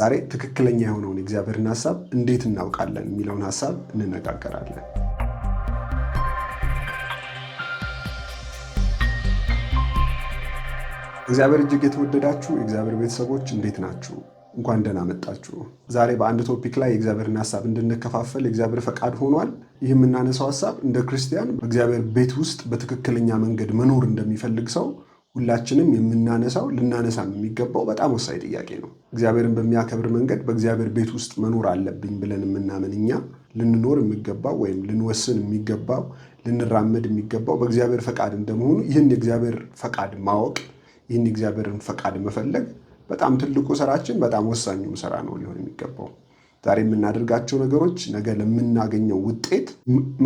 ዛሬ ትክክለኛ የሆነውን የእግዚአብሔርን ሀሳብ እንዴት እናውቃለን የሚለውን ሀሳብ እንነጋገራለን። እግዚአብሔር እጅግ የተወደዳችሁ የእግዚአብሔር ቤተሰቦች እንዴት ናችሁ? እንኳን ደህና መጣችሁ። ዛሬ በአንድ ቶፒክ ላይ የእግዚአብሔርን ሀሳብ እንድንከፋፈል የእግዚአብሔር ፈቃድ ሆኗል። ይህ የምናነሳው ሀሳብ እንደ ክርስቲያን በእግዚአብሔር ቤት ውስጥ በትክክለኛ መንገድ መኖር እንደሚፈልግ ሰው ሁላችንም የምናነሳው ልናነሳም የሚገባው በጣም ወሳኝ ጥያቄ ነው። እግዚአብሔርን በሚያከብር መንገድ በእግዚአብሔር ቤት ውስጥ መኖር አለብኝ ብለን የምናምን እኛ ልንኖር የሚገባው ወይም ልንወስን የሚገባው ልንራመድ የሚገባው በእግዚአብሔር ፈቃድ እንደመሆኑ ይህን የእግዚአብሔር ፈቃድ ማወቅ ይህን የእግዚአብሔርን ፈቃድ መፈለግ በጣም ትልቁ ስራችን፣ በጣም ወሳኙም ስራ ነው ሊሆን የሚገባው። ዛሬ የምናደርጋቸው ነገሮች ነገ ለምናገኘው ውጤት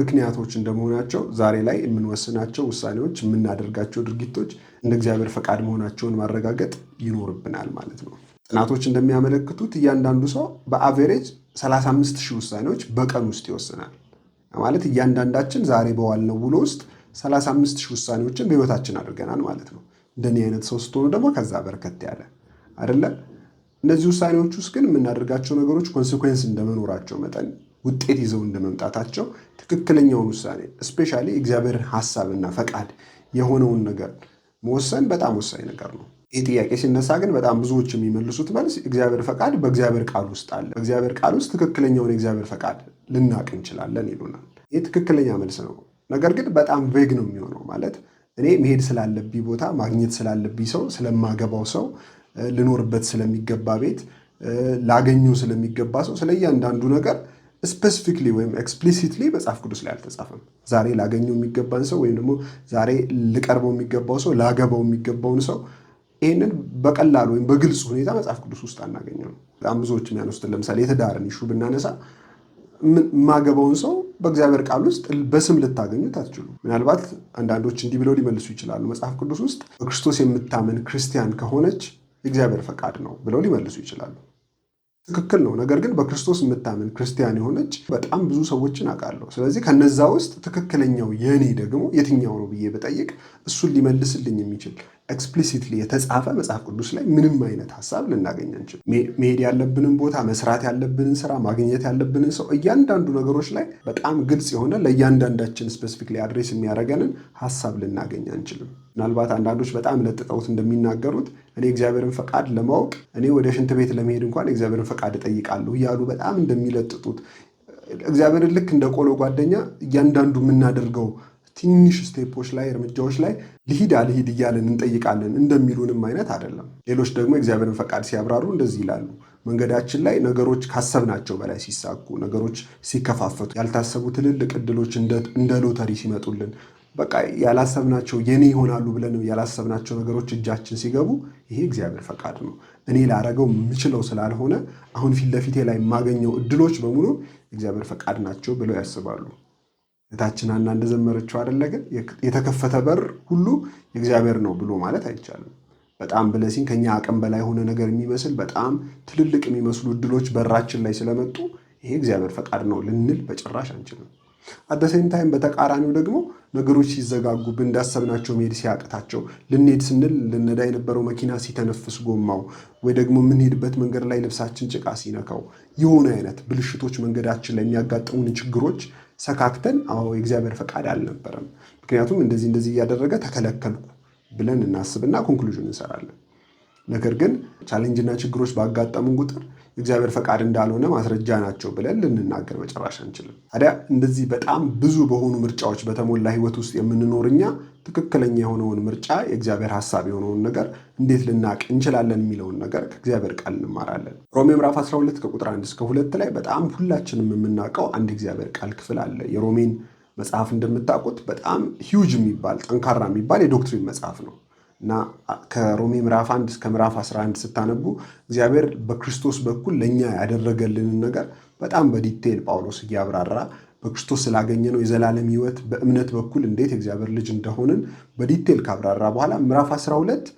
ምክንያቶች እንደመሆናቸው ዛሬ ላይ የምንወስናቸው ውሳኔዎች፣ የምናደርጋቸው ድርጊቶች እንደ እግዚአብሔር ፈቃድ መሆናቸውን ማረጋገጥ ይኖርብናል ማለት ነው። ጥናቶች እንደሚያመለክቱት እያንዳንዱ ሰው በአቬሬጅ 35 ሺህ ውሳኔዎች በቀን ውስጥ ይወስናል። ማለት እያንዳንዳችን ዛሬ በዋልነው ውሎ ውስጥ 35 ሺህ ውሳኔዎችን በህይወታችን አድርገናል ማለት ነው። እንደኔ አይነት ሰው ስትሆኑ ደግሞ ከዛ በርከት ያለ አይደለም እነዚህ ውሳኔዎች ውስጥ ግን የምናደርጋቸው ነገሮች ኮንስኮንስ እንደመኖራቸው መጠን ውጤት ይዘው እንደመምጣታቸው ትክክለኛውን ውሳኔ እስፔሻሊ እግዚአብሔርን ሀሳብና ፈቃድ የሆነውን ነገር መወሰን በጣም ወሳኝ ነገር ነው። ይህ ጥያቄ ሲነሳ ግን በጣም ብዙዎች የሚመልሱት መልስ እግዚአብሔር ፈቃድ በእግዚአብሔር ቃል ውስጥ አለ፣ በእግዚአብሔር ቃል ውስጥ ትክክለኛውን የእግዚአብሔር ፈቃድ ልናቅ እንችላለን ይሉናል። ይህ ትክክለኛ መልስ ነው፣ ነገር ግን በጣም ቬግ ነው የሚሆነው ማለት እኔ መሄድ ስላለብኝ ቦታ ማግኘት ስላለብኝ ሰው ስለማገባው ሰው ልኖርበት ስለሚገባ ቤት፣ ላገኘው ስለሚገባ ሰው፣ ስለ እያንዳንዱ ነገር ስፔሲፊክሊ ወይም ኤክስፕሊሲትሊ መጽሐፍ ቅዱስ ላይ አልተጻፈም። ዛሬ ላገኘው የሚገባን ሰው ወይም ደግሞ ዛሬ ልቀርበው የሚገባው ሰው፣ ላገባው የሚገባውን ሰው ይህንን በቀላል ወይም በግልጽ ሁኔታ መጽሐፍ ቅዱስ ውስጥ አናገኘው። በጣም ብዙዎች የሚያነሱትን ለምሳሌ የትዳርን ይሹ ብናነሳ ማገባውን ሰው በእግዚአብሔር ቃል ውስጥ በስም ልታገኙት አትችሉ። ምናልባት አንዳንዶች እንዲህ ብለው ሊመልሱ ይችላሉ። መጽሐፍ ቅዱስ ውስጥ በክርስቶስ የምታመን ክርስቲያን ከሆነች የእግዚአብሔር ፈቃድ ነው ብለው ሊመልሱ ይችላሉ። ትክክል ነው። ነገር ግን በክርስቶስ የምታምን ክርስቲያን የሆነች በጣም ብዙ ሰዎችን አውቃለሁ። ስለዚህ ከነዛ ውስጥ ትክክለኛው የኔ ደግሞ የትኛው ነው ብዬ ብጠይቅ እሱን ሊመልስልኝ የሚችል ኤክስፕሊሲትሊ የተጻፈ መጽሐፍ ቅዱስ ላይ ምንም አይነት ሀሳብ ልናገኝ አንችል። መሄድ ያለብንን ቦታ፣ መስራት ያለብንን ስራ፣ ማግኘት ያለብንን ሰው፣ እያንዳንዱ ነገሮች ላይ በጣም ግልጽ የሆነ ለእያንዳንዳችን ስፔሲፊክ አድሬስ የሚያደርገንን ሀሳብ ልናገኝ አንችልም። ምናልባት አንዳንዶች በጣም ለጥጠውት እንደሚናገሩት እኔ እግዚአብሔርን ፈቃድ ለማወቅ እኔ ወደ ሽንት ቤት ለመሄድ እንኳን እግዚአብሔርን ፈቃድ እጠይቃለሁ እያሉ በጣም እንደሚለጥጡት እግዚአብሔርን ልክ እንደ ቆሎ ጓደኛ እያንዳንዱ የምናደርገው ትንሽ ስቴፖች ላይ እርምጃዎች ላይ ልሂድ እያለን እንጠይቃለን እንደሚሉንም አይነት አይደለም። ሌሎች ደግሞ እግዚአብሔርን ፈቃድ ሲያብራሩ እንደዚህ ይላሉ። መንገዳችን ላይ ነገሮች ካሰብናቸው በላይ ሲሳኩ፣ ነገሮች ሲከፋፈቱ፣ ያልታሰቡ ትልልቅ እድሎች እንደ ሎተሪ ሲመጡልን በቃ ያላሰብናቸው የኔ ይሆናሉ ብለን ያላሰብናቸው ነገሮች እጃችን ሲገቡ ይሄ እግዚአብሔር ፈቃድ ነው። እኔ ላረገው የምችለው ስላልሆነ አሁን ፊት ለፊቴ ላይ የማገኘው እድሎች በሙሉ እግዚአብሔር ፈቃድ ናቸው ብለው ያስባሉ። እህታችን ሐና እንደዘመረችው አይደለ ግን የተከፈተ በር ሁሉ የእግዚአብሔር ነው ብሎ ማለት አይቻልም። በጣም ብለሲን ከኛ አቅም በላይ የሆነ ነገር የሚመስል በጣም ትልልቅ የሚመስሉ እድሎች በራችን ላይ ስለመጡ ይሄ እግዚአብሔር ፈቃድ ነው ልንል በጭራሽ አንችልም። አደሴም ታይም በተቃራኒው ደግሞ ነገሮች ሲዘጋጉ እንዳሰብናቸው መሄድ ሲያቅታቸው ልንሄድ ስንል ልነዳ የነበረው መኪና ሲተነፍስ ጎማው ወይ ደግሞ የምንሄድበት መንገድ ላይ ልብሳችን ጭቃ ሲነካው የሆነ አይነት ብልሽቶች መንገዳችን ላይ የሚያጋጥሙን ችግሮች ሰካክተን አዎ የእግዚአብሔር ፈቃድ አልነበረም፣ ምክንያቱም እንደዚህ እንደዚህ እያደረገ ተከለከልኩ ብለን እናስብና ኮንክሉዥን እንሰራለን። ነገር ግን ቻሌንጅና ችግሮች ባጋጠሙን ቁጥር እግዚአብሔር ፈቃድ እንዳልሆነ ማስረጃ ናቸው ብለን ልንናገር መጨረሻ አንችልም። ታዲያ እንደዚህ በጣም ብዙ በሆኑ ምርጫዎች በተሞላ ህይወት ውስጥ የምንኖር እኛ ትክክለኛ የሆነውን ምርጫ የእግዚአብሔር ሀሳብ የሆነውን ነገር እንዴት ልናቅ እንችላለን የሚለውን ነገር ከእግዚአብሔር ቃል እንማራለን። ሮሜ ምዕራፍ 12 ከቁጥር 1 እስከ 2 ላይ በጣም ሁላችንም የምናውቀው አንድ እግዚአብሔር ቃል ክፍል አለ። የሮሜን መጽሐፍ እንደምታውቁት በጣም ሂውጅ የሚባል ጠንካራ የሚባል የዶክትሪን መጽሐፍ ነው። እና ከሮሜ ምዕራፍ 1 እስከ ምዕራፍ 11 ስታነቡ እግዚአብሔር በክርስቶስ በኩል ለእኛ ያደረገልንን ነገር በጣም በዲቴል ጳውሎስ እያብራራ በክርስቶስ ስላገኘነው የዘላለም ህይወት በእምነት በኩል እንዴት የእግዚአብሔር ልጅ እንደሆንን በዲቴል ካብራራ በኋላ ምዕራፍ 12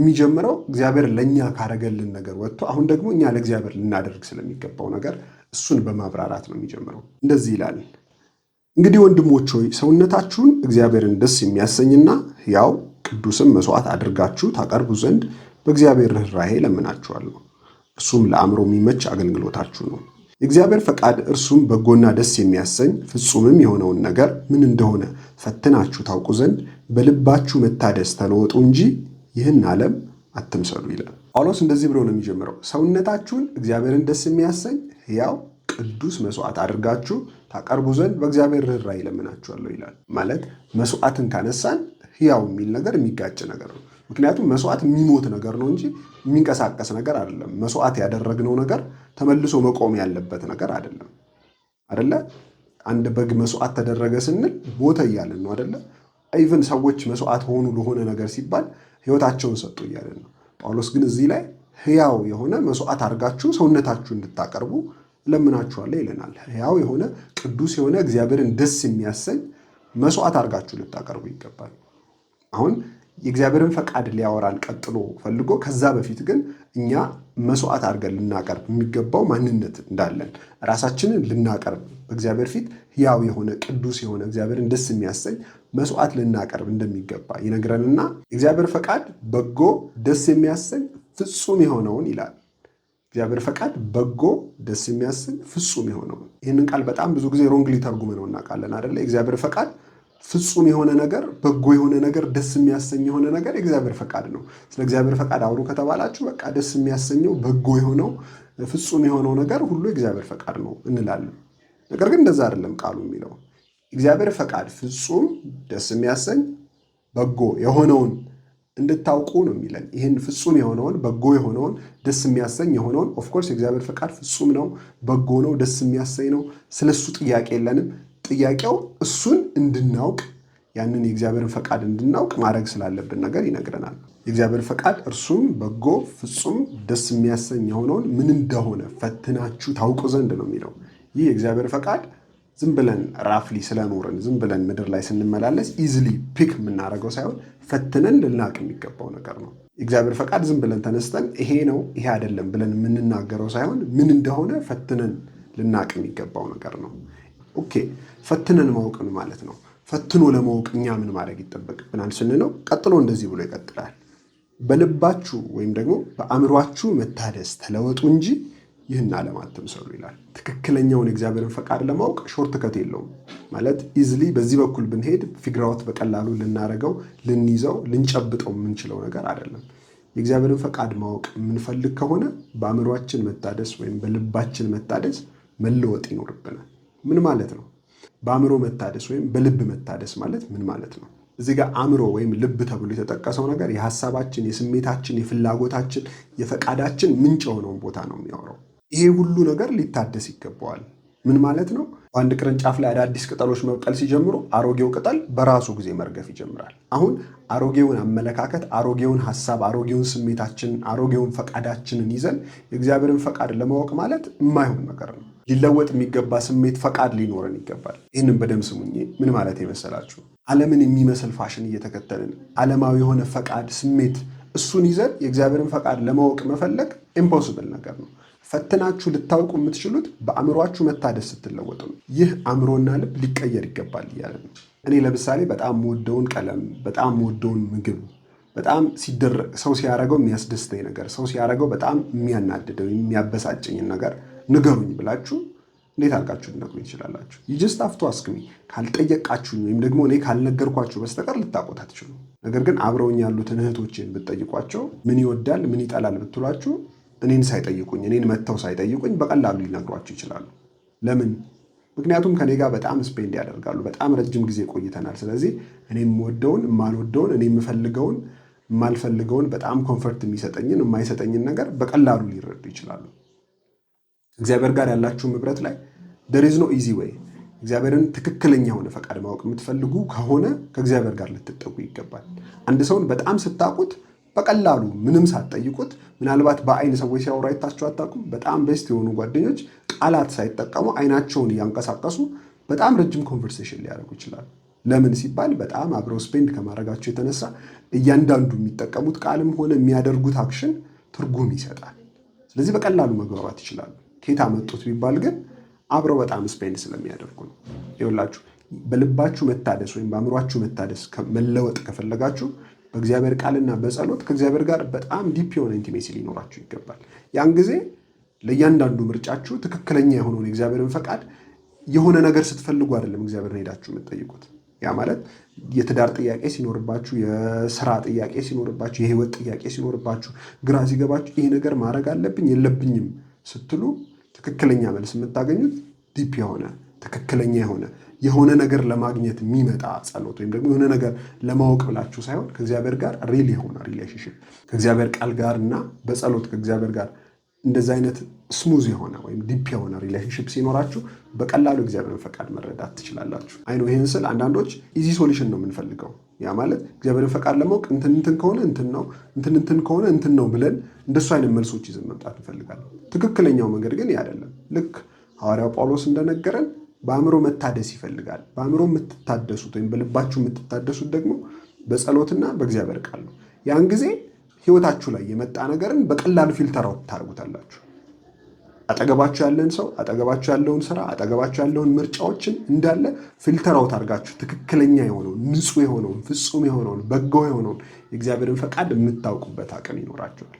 የሚጀምረው እግዚአብሔር ለእኛ ካረገልን ነገር ወጥቶ አሁን ደግሞ እኛ ለእግዚአብሔር ልናደርግ ስለሚገባው ነገር እሱን በማብራራት ነው የሚጀምረው። እንደዚህ ይላል። እንግዲህ ወንድሞች ሆይ ሰውነታችሁን እግዚአብሔርን ደስ የሚያሰኝና ያው ቅዱስም መስዋዕት አድርጋችሁ ታቀርቡ ዘንድ በእግዚአብሔር ርኅራሄ ለምናችኋለሁ። እርሱም ለአእምሮ የሚመች አገልግሎታችሁ ነው። የእግዚአብሔር ፈቃድ እርሱም በጎና ደስ የሚያሰኝ ፍጹምም የሆነውን ነገር ምን እንደሆነ ፈትናችሁ ታውቁ ዘንድ በልባችሁ መታደስ ተለወጡ እንጂ ይህን ዓለም አትምሰሉ ይላል ጳውሎስ። እንደዚህ ብሎ ነው የሚጀምረው፣ ሰውነታችሁን እግዚአብሔርን ደስ የሚያሰኝ ሕያው ቅዱስ መስዋዕት አድርጋችሁ ታቀርቡ ዘንድ በእግዚአብሔር ርኅራኄ ይለምናችኋለሁ ይላል። ማለት መስዋዕትን ካነሳን ህያው የሚል ነገር የሚጋጭ ነገር ነው። ምክንያቱም መስዋዕት የሚሞት ነገር ነው እንጂ የሚንቀሳቀስ ነገር አይደለም። መስዋዕት ያደረግነው ነገር ተመልሶ መቆም ያለበት ነገር አይደለም። አደለ? አንድ በግ መስዋዕት ተደረገ ስንል ሞተ እያለን ነው አደለ? ኢቨን ሰዎች መስዋዕት ሆኑ ለሆነ ነገር ሲባል ህይወታቸውን ሰጡ እያለን ነው። ጳውሎስ ግን እዚህ ላይ ህያው የሆነ መስዋዕት አድርጋችሁ ሰውነታችሁ እንድታቀርቡ እለምናችኋለሁ ይለናል። ህያው የሆነ ቅዱስ የሆነ እግዚአብሔርን ደስ የሚያሰኝ መስዋዕት አድርጋችሁ ልታቀርቡ ይገባል። አሁን የእግዚአብሔርን ፈቃድ ሊያወራን ቀጥሎ ፈልጎ ከዛ በፊት ግን እኛ መስዋዕት አድርገን ልናቀርብ የሚገባው ማንነት እንዳለን ራሳችንን ልናቀርብ በእግዚአብሔር ፊት ሕያው የሆነ ቅዱስ የሆነ እግዚአብሔርን ደስ የሚያሰኝ መስዋዕት ልናቀርብ እንደሚገባ ይነግረንና እግዚአብሔር ፈቃድ በጎ ደስ የሚያሰኝ ፍጹም የሆነውን ይላል። እግዚአብሔር ፈቃድ በጎ ደስ የሚያሰኝ ፍጹም የሆነውን ይህንን ቃል በጣም ብዙ ጊዜ ሮንግሊ ተርጉመነው እናውቃለን አደለ? እግዚአብሔር ፈቃድ ፍጹም የሆነ ነገር በጎ የሆነ ነገር ደስ የሚያሰኝ የሆነ ነገር የእግዚአብሔር ፈቃድ ነው። ስለ እግዚአብሔር ፈቃድ አውሩ ከተባላችሁ በቃ ደስ የሚያሰኘው በጎ የሆነው ፍጹም የሆነው ነገር ሁሉ የእግዚአብሔር ፈቃድ ነው እንላለን። ነገር ግን እንደዛ አይደለም ቃሉ የሚለው እግዚአብሔር ፈቃድ ፍጹም ደስ የሚያሰኝ በጎ የሆነውን እንድታውቁ ነው የሚለን። ይህን ፍጹም የሆነውን በጎ የሆነውን ደስ የሚያሰኝ የሆነውን ኦፍኮርስ የእግዚአብሔር ፈቃድ ፍጹም ነው፣ በጎ ነው፣ ደስ የሚያሰኝ ነው። ስለሱ ጥያቄ የለንም። ጥያቄው እሱን እንድናውቅ ያንን የእግዚአብሔርን ፈቃድ እንድናውቅ ማድረግ ስላለብን ነገር ይነግረናል። የእግዚአብሔር ፈቃድ እርሱም በጎ ፍጹም ደስ የሚያሰኝ የሆነውን ምን እንደሆነ ፈትናችሁ ታውቁ ዘንድ ነው የሚለው። ይህ የእግዚአብሔር ፈቃድ ዝም ብለን ራፍሊ ስለኖርን ዝም ብለን ምድር ላይ ስንመላለስ ኢዝሊ ፒክ የምናደርገው ሳይሆን ፈትነን ልናቅ የሚገባው ነገር ነው። የእግዚአብሔር ፈቃድ ዝም ብለን ተነስተን ይሄ ነው ይሄ አይደለም ብለን የምንናገረው ሳይሆን ምን እንደሆነ ፈትነን ልናቅ የሚገባው ነገር ነው። ኦኬ ፈትነን ማወቅን ማለት ነው። ፈትኖ ለማወቅ እኛ ምን ማድረግ ይጠበቅብናል ስንለው ቀጥሎ እንደዚህ ብሎ ይቀጥላል። በልባችሁ ወይም ደግሞ በአእምሯችሁ መታደስ ተለወጡ እንጂ ይህን ዓለም አትምሰሉ ይላል። ትክክለኛውን የእግዚአብሔርን ፈቃድ ለማወቅ ሾርት ከት የለውም ማለት ኢዝሊ፣ በዚህ በኩል ብንሄድ ፊግራውት በቀላሉ ልናረገው፣ ልንይዘው፣ ልንጨብጠው የምንችለው ነገር አይደለም። የእግዚአብሔርን ፈቃድ ማወቅ የምንፈልግ ከሆነ በአእምሯችን መታደስ ወይም በልባችን መታደስ መለወጥ ይኖርብናል። ምን ማለት ነው? በአእምሮ መታደስ ወይም በልብ መታደስ ማለት ምን ማለት ነው? እዚህ ጋር አእምሮ ወይም ልብ ተብሎ የተጠቀሰው ነገር የሀሳባችን፣ የስሜታችን፣ የፍላጎታችን፣ የፈቃዳችን ምንጭ የሆነውን ቦታ ነው የሚያወራው። ይሄ ሁሉ ነገር ሊታደስ ይገባዋል። ምን ማለት ነው? አንድ ቅርንጫፍ ላይ አዳዲስ ቅጠሎች መብቀል ሲጀምሩ አሮጌው ቅጠል በራሱ ጊዜ መርገፍ ይጀምራል። አሁን አሮጌውን አመለካከት፣ አሮጌውን ሀሳብ፣ አሮጌውን ስሜታችንን፣ አሮጌውን ፈቃዳችንን ይዘን የእግዚአብሔርን ፈቃድ ለማወቅ ማለት የማይሆን ነገር ነው። ሊለወጥ የሚገባ ስሜት ፈቃድ ሊኖረን ይገባል። ይህንም በደም ስሙኝ ምን ማለት የመሰላችሁ ዓለምን የሚመስል ፋሽን እየተከተልን ዓለማዊ የሆነ ፈቃድ ስሜት እሱን ይዘን የእግዚአብሔርን ፈቃድ ለማወቅ መፈለግ ኢምፖስብል ነገር ነው። ፈትናችሁ ልታውቁ የምትችሉት በአእምሯችሁ መታደስ ስትለወጡ ነው። ይህ አእምሮና ልብ ሊቀየር ይገባል እያለ ነው። እኔ ለምሳሌ በጣም የምወደውን ቀለም፣ በጣም የምወደውን ምግብ፣ በጣም ሰው ሲያደርገው የሚያስደስተኝ ነገር፣ ሰው ሲያደርገው በጣም የሚያናድደው የሚያበሳጭኝን ነገር ንገሩኝ ብላችሁ እንዴት አድርጋችሁ ልነግሩ ትችላላችሁ? ይጀስት አፍቶ አስክሚ ካልጠየቃችሁኝ ወይም ደግሞ እኔ ካልነገርኳችሁ በስተቀር ልታቆት አትችሉ። ነገር ግን አብረውኝ ያሉትን እህቶችን ብትጠይቋቸው ምን ይወዳል ምን ይጠላል ብትሏችሁ እኔን ሳይጠይቁኝ እኔን መጥተው ሳይጠይቁኝ በቀላሉ ሊነግሯቸው ይችላሉ። ለምን? ምክንያቱም ከኔ ጋር በጣም ስፔንድ ያደርጋሉ። በጣም ረጅም ጊዜ ቆይተናል። ስለዚህ እኔ የምወደውን የማልወደውን፣ እኔ የምፈልገውን የማልፈልገውን፣ በጣም ኮንፈርት የሚሰጠኝን የማይሰጠኝን ነገር በቀላሉ ሊረዱ ይችላሉ። እግዚአብሔር ጋር ያላችሁ ህብረት ላይ ደሪዝ ኖ ኢዚ ወይ እግዚአብሔርን ትክክለኛ የሆነ ፈቃድ ማወቅ የምትፈልጉ ከሆነ ከእግዚአብሔር ጋር ልትጠጉ ይገባል። አንድ ሰውን በጣም ስታውቁት በቀላሉ ምንም ሳትጠይቁት ምናልባት በአይን ሰዎች ሲያወሩ አይታችሁ አታውቁም? በጣም ቤስት የሆኑ ጓደኞች ቃላት ሳይጠቀሙ አይናቸውን እያንቀሳቀሱ በጣም ረጅም ኮንቨርሴሽን ሊያደርጉ ይችላሉ። ለምን ሲባል በጣም አብረው ስፔንድ ከማድረጋቸው የተነሳ እያንዳንዱ የሚጠቀሙት ቃልም ሆነ የሚያደርጉት አክሽን ትርጉም ይሰጣል። ስለዚህ በቀላሉ መግባባት ይችላሉ። ከየት አመጡት ቢባል ግን አብረው በጣም ስፔንድ ስለሚያደርጉ ነው። ይኸውላችሁ በልባችሁ መታደስ ወይም በአእምሯችሁ መታደስ መለወጥ ከፈለጋችሁ በእግዚአብሔር ቃልና በጸሎት ከእግዚአብሔር ጋር በጣም ዲፕ የሆነ ኢንቲሜሲ ሊኖራችሁ ይገባል። ያን ጊዜ ለእያንዳንዱ ምርጫችሁ ትክክለኛ የሆነውን የእግዚአብሔርን ፈቃድ የሆነ ነገር ስትፈልጉ አይደለም እግዚአብሔርን ሄዳችሁ የምትጠይቁት። ያ ማለት የትዳር ጥያቄ ሲኖርባችሁ፣ የስራ ጥያቄ ሲኖርባችሁ፣ የህይወት ጥያቄ ሲኖርባችሁ፣ ግራ ሲገባችሁ ይሄ ነገር ማድረግ አለብኝ የለብኝም ስትሉ ትክክለኛ መልስ የምታገኙት ዲፕ የሆነ ትክክለኛ የሆነ የሆነ ነገር ለማግኘት የሚመጣ ጸሎት ወይም ደግሞ የሆነ ነገር ለማወቅ ብላችሁ ሳይሆን ከእግዚአብሔር ጋር ሪል የሆነ ሪሌሽንሽፕ ከእግዚአብሔር ቃል ጋር እና በጸሎት ከእግዚአብሔር ጋር እንደዚ አይነት ስሙዝ የሆነ ወይም ዲፕ የሆነ ሪሌሽንሽፕ ሲኖራችሁ በቀላሉ እግዚአብሔርን ፈቃድ መረዳት ትችላላችሁ። አይ ነው ይህን ስል አንዳንዶች ኢዚ ሶሉሽን ነው የምንፈልገው። ያ ማለት እግዚአብሔርን ፈቃድ ለማወቅ እንትን እንትን ከሆነ እንትን ነው እንትን እንትን ከሆነ እንትን ነው ብለን እንደሱ አይነት መልሶች ይዘን መምጣት እንፈልጋለን። ትክክለኛው መንገድ ግን አይደለም። ልክ ሐዋርያው ጳውሎስ እንደነገረን በአእምሮ መታደስ ይፈልጋል። በአእምሮ የምትታደሱት ወይም በልባችሁ የምትታደሱት ደግሞ በጸሎትና በእግዚአብሔር ቃል ነው። ያን ጊዜ ህይወታችሁ ላይ የመጣ ነገርን በቀላሉ ፊልተር ታደርጉታላችሁ። አጠገባችሁ ያለን ሰው፣ አጠገባችሁ ያለውን ስራ፣ አጠገባችሁ ያለውን ምርጫዎችን እንዳለ ፊልተራው ታርጋችሁ አድርጋችሁ ትክክለኛ የሆነውን ንጹህ የሆነውን ፍጹም የሆነውን በጎ የሆነውን የእግዚአብሔርን ፈቃድ የምታውቁበት አቅም ይኖራችኋል።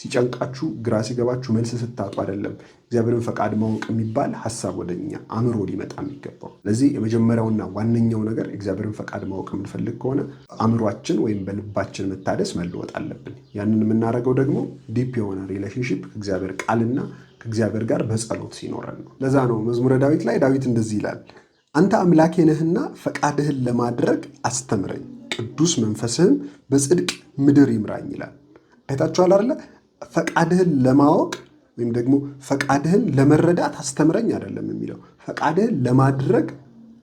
ሲጨንቃችሁ፣ ግራ ሲገባችሁ፣ መልስ ስታጡ አይደለም እግዚአብሔርን ፈቃድ ማወቅ የሚባል ሀሳብ ወደኛ አእምሮ ሊመጣ የሚገባው። ስለዚህ የመጀመሪያውና ዋነኛው ነገር እግዚአብሔርን ፈቃድ ማወቅ የምንፈልግ ከሆነ አእምሯችን ወይም በልባችን መታደስ መለወጥ አለብን። ያንን የምናደርገው ደግሞ ዲፕ የሆነ ሪሌሽንሽፕ ከእግዚአብሔር ቃልና ከእግዚአብሔር ጋር በጸሎት ሲኖረን ነው። ለዛ ነው መዝሙረ ዳዊት ላይ ዳዊት እንደዚህ ይላል፣ አንተ አምላኬ ነህና ፈቃድህን ለማድረግ አስተምረኝ፣ ቅዱስ መንፈስህም በጽድቅ ምድር ይምራኝ ይላል። አይታችኋል አይደለ? ፈቃድህን ለማወቅ ወይም ደግሞ ፈቃድህን ለመረዳት አስተምረኝ አይደለም የሚለው ፈቃድህን ለማድረግ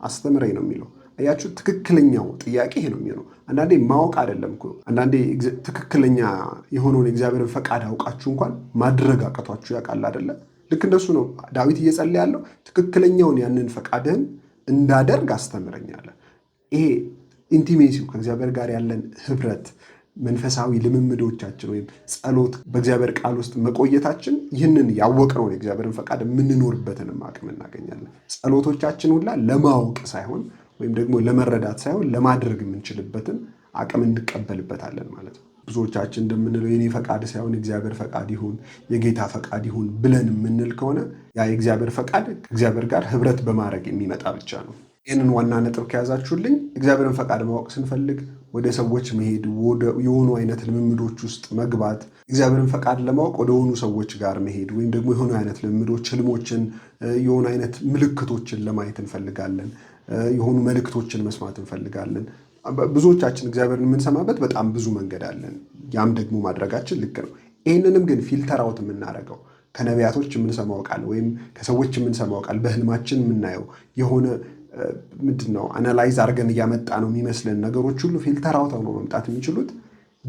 አስተምረኝ ነው የሚለው። አያችሁ፣ ትክክለኛው ጥያቄ ይሄ ነው የሚሆነው። አንዳንዴ ማወቅ አይደለም እኮ አንዳንዴ ትክክለኛ የሆነውን የእግዚአብሔርን ፈቃድ አውቃችሁ እንኳን ማድረግ አቅቷችሁ ያውቃል አይደለ? ልክ እንደሱ ነው ዳዊት እየጸለየ ያለው ትክክለኛውን ያንን ፈቃድህን እንዳደርግ አስተምረኛለ። ይሄ ኢንቲሜሲው ከእግዚአብሔር ጋር ያለን ህብረት መንፈሳዊ ልምምዶቻችን ወይም ጸሎት፣ በእግዚአብሔር ቃል ውስጥ መቆየታችን ይህንን ያወቅነውን የእግዚአብሔርን ፈቃድ የምንኖርበትንም አቅም እናገኛለን። ጸሎቶቻችን ሁላ ለማወቅ ሳይሆን ወይም ደግሞ ለመረዳት ሳይሆን ለማድረግ የምንችልበትን አቅም እንቀበልበታለን ማለት ነው። ብዙዎቻችን እንደምንለው የኔ ፈቃድ ሳይሆን የእግዚአብሔር ፈቃድ ይሁን የጌታ ፈቃድ ይሁን ብለን የምንል ከሆነ ያ የእግዚአብሔር ፈቃድ ከእግዚአብሔር ጋር ህብረት በማድረግ የሚመጣ ብቻ ነው። ይህንን ዋና ነጥብ ከያዛችሁልኝ እግዚአብሔርን ፈቃድ ማወቅ ስንፈልግ ወደ ሰዎች መሄድ፣ የሆኑ አይነት ልምምዶች ውስጥ መግባት፣ እግዚአብሔርን ፈቃድ ለማወቅ ወደ ሆኑ ሰዎች ጋር መሄድ ወይም ደግሞ የሆኑ አይነት ልምምዶች፣ ህልሞችን፣ የሆኑ አይነት ምልክቶችን ለማየት እንፈልጋለን። የሆኑ መልእክቶችን መስማት እንፈልጋለን። ብዙዎቻችን እግዚአብሔርን የምንሰማበት በጣም ብዙ መንገድ አለን። ያም ደግሞ ማድረጋችን ልክ ነው። ይህንንም ግን ፊልተር አውት የምናደርገው ከነቢያቶች የምንሰማው ቃል ወይም ከሰዎች የምንሰማው ቃል፣ በህልማችን የምናየው የሆነ ምንድን ነው አናላይዝ አድርገን እያመጣ ነው የሚመስለን ነገሮች ሁሉ ፊልተር አውት ነው መምጣት የሚችሉት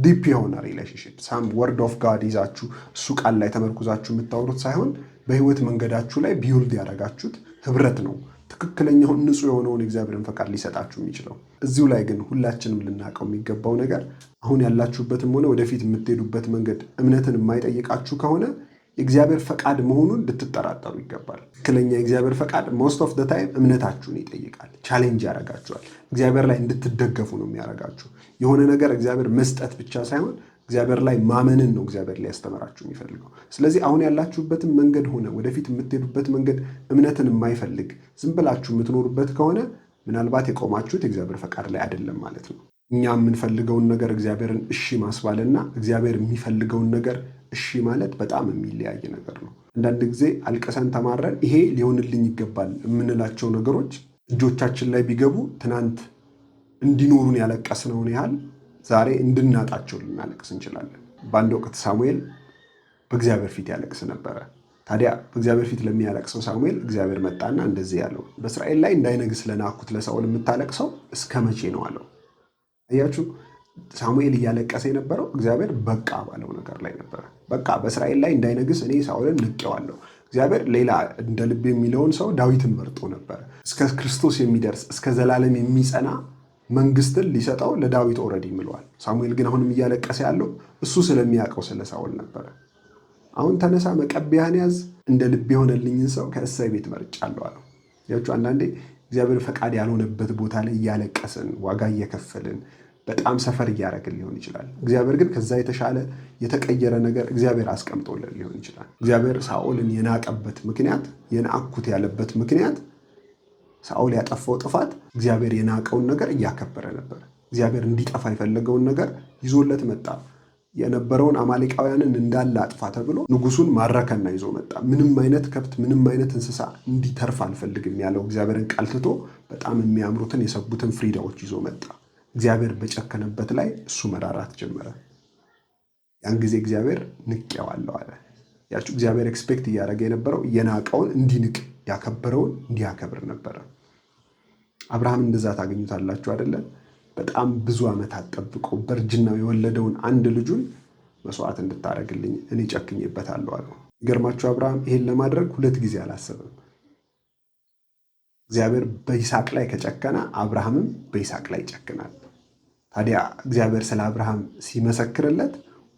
ዲፕ የሆነ ሪሌሽንሽፕ ሳም ወርድ ኦፍ ጋድ ይዛችሁ እሱ ቃል ላይ ተመርኩዛችሁ የምታወሩት ሳይሆን በህይወት መንገዳችሁ ላይ ቢውልድ ያደረጋችሁት ህብረት ነው ትክክለኛውን ንጹህ የሆነውን እግዚአብሔርን ፈቃድ ሊሰጣችሁ የሚችለው። እዚሁ ላይ ግን ሁላችንም ልናውቀው የሚገባው ነገር አሁን ያላችሁበትም ሆነ ወደፊት የምትሄዱበት መንገድ እምነትን የማይጠይቃችሁ ከሆነ የእግዚአብሔር ፈቃድ መሆኑን ልትጠራጠሩ ይገባል። ትክክለኛ የእግዚአብሔር ፈቃድ ሞስት ኦፍ ደ ታይም እምነታችሁን ይጠይቃል፣ ቻሌንጅ ያደርጋችኋል። እግዚአብሔር ላይ እንድትደገፉ ነው የሚያደርጋችሁ። የሆነ ነገር እግዚአብሔር መስጠት ብቻ ሳይሆን እግዚአብሔር ላይ ማመንን ነው እግዚአብሔር ሊያስተምራችሁ የሚፈልገው። ስለዚህ አሁን ያላችሁበትን መንገድ ሆነ ወደፊት የምትሄዱበት መንገድ እምነትን የማይፈልግ ዝም ብላችሁ የምትኖሩበት ከሆነ ምናልባት የቆማችሁት የእግዚአብሔር ፈቃድ ላይ አይደለም ማለት ነው። እኛ የምንፈልገውን ነገር እግዚአብሔርን እሺ ማስባልና እግዚአብሔር የሚፈልገውን ነገር እሺ ማለት በጣም የሚለያይ ነገር ነው። አንዳንድ ጊዜ አልቀሰን ተማረን ይሄ ሊሆንልኝ ይገባል የምንላቸው ነገሮች እጆቻችን ላይ ቢገቡ ትናንት እንዲኖሩን ያለቀስነውን ያህል ዛሬ እንድናጣቸው ልናለቅስ እንችላለን። በአንድ ወቅት ሳሙኤል በእግዚአብሔር ፊት ያለቅስ ነበረ። ታዲያ በእግዚአብሔር ፊት ለሚያለቅሰው ሳሙኤል እግዚአብሔር መጣና እንደዚህ ያለው፣ በእስራኤል ላይ እንዳይነግስ ለናኩት ለሳኦል የምታለቅሰው እስከ መቼ ነው አለው። አያችሁ ሳሙኤል እያለቀሰ የነበረው እግዚአብሔር በቃ ባለው ነገር ላይ ነበረ። በቃ በእስራኤል ላይ እንዳይነግስ እኔ ሳውልን ንቄዋለሁ። እግዚአብሔር ሌላ እንደ ልብ የሚለውን ሰው ዳዊትን መርጦ ነበረ። እስከ ክርስቶስ የሚደርስ እስከ ዘላለም የሚጸና መንግስትን ሊሰጠው ለዳዊት ኦልሬዲ ምሏል። ሳሙኤል ግን አሁንም እያለቀሰ ያለው እሱ ስለሚያውቀው ስለ ሳውል ነበረ። አሁን ተነሳ፣ መቀቢያን ያዝ፣ እንደ ልብ የሆነልኝን ሰው ከእሳይ ቤት መርጫለሁ አለው። ያችሁ አንዳንዴ እግዚአብሔር ፈቃድ ያልሆነበት ቦታ ላይ እያለቀስን ዋጋ እየከፈልን በጣም ሰፈር እያደረግን ሊሆን ይችላል። እግዚአብሔር ግን ከዛ የተሻለ የተቀየረ ነገር እግዚአብሔር አስቀምጦለን ሊሆን ይችላል። እግዚአብሔር ሳኦልን የናቀበት ምክንያት የናኩት ያለበት ምክንያት ሳኦል ያጠፋው ጥፋት እግዚአብሔር የናቀውን ነገር እያከበረ ነበር። እግዚአብሔር እንዲጠፋ የፈለገውን ነገር ይዞለት መጣ። የነበረውን አማሌቃውያንን እንዳለ አጥፋ ተብሎ ንጉሱን ማረከና ይዞ መጣ። ምንም አይነት ከብት፣ ምንም አይነት እንስሳ እንዲተርፍ አልፈልግም ያለው እግዚአብሔርን ቃል ትቶ በጣም የሚያምሩትን የሰቡትን ፍሪዳዎች ይዞ መጣ። እግዚአብሔር በጨከነበት ላይ እሱ መራራት ጀመረ። ያን ጊዜ እግዚአብሔር ንቄዋለሁ አለ። ያችሁ እግዚአብሔር ኤክስፔክት እያደረገ የነበረው የናቀውን እንዲንቅ ያከበረውን እንዲያከብር ነበረ። አብርሃም እንደዛ ታገኙታላችሁ አይደለም? በጣም ብዙ ዓመታት ጠብቆ በእርጅናው የወለደውን አንድ ልጁን መስዋዕት እንድታደርግልኝ እኔ ጨክኜበታለሁ አለው። ይገርማችሁ አብርሃም ይሄን ለማድረግ ሁለት ጊዜ አላሰበም። እግዚአብሔር በይስሐቅ ላይ ከጨከነ አብርሃምም በይስሐቅ ላይ ይጨክናል። ታዲያ እግዚአብሔር ስለ አብርሃም ሲመሰክርለት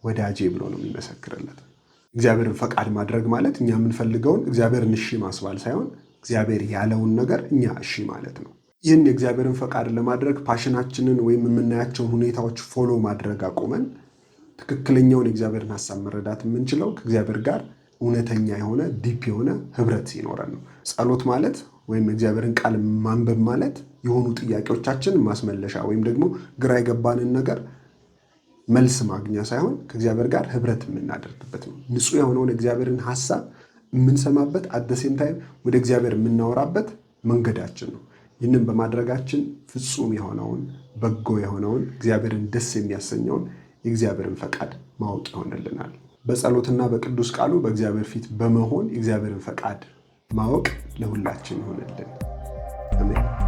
ወዳጄ ብሎ ነው የሚመሰክርለት። እግዚአብሔርን ፈቃድ ማድረግ ማለት እኛ የምንፈልገውን እግዚአብሔርን እሺ ማስባል ሳይሆን እግዚአብሔር ያለውን ነገር እኛ እሺ ማለት ነው። ይህን የእግዚአብሔርን ፈቃድ ለማድረግ ፓሽናችንን ወይም የምናያቸውን ሁኔታዎች ፎሎ ማድረግ አቁመን ትክክለኛውን የእግዚአብሔርን ሀሳብ መረዳት የምንችለው ከእግዚአብሔር ጋር እውነተኛ የሆነ ዲፕ የሆነ ህብረት ይኖረን ነው። ጸሎት ማለት ወይም የእግዚአብሔርን ቃል ማንበብ ማለት የሆኑ ጥያቄዎቻችን ማስመለሻ ወይም ደግሞ ግራ የገባንን ነገር መልስ ማግኛ ሳይሆን ከእግዚአብሔር ጋር ህብረት የምናደርግበት ነው። ንጹህ የሆነውን እግዚአብሔርን ሀሳብ የምንሰማበት አደሴም ታይም ወደ እግዚአብሔር የምናወራበት መንገዳችን ነው። ይህንን በማድረጋችን ፍጹም የሆነውን በጎ የሆነውን እግዚአብሔርን ደስ የሚያሰኘውን የእግዚአብሔርን ፈቃድ ማወቅ ይሆንልናል። በጸሎትና በቅዱስ ቃሉ በእግዚአብሔር ፊት በመሆን የእግዚአብሔርን ፈቃድ ማወቅ ለሁላችን ይሆንልን። አሜን።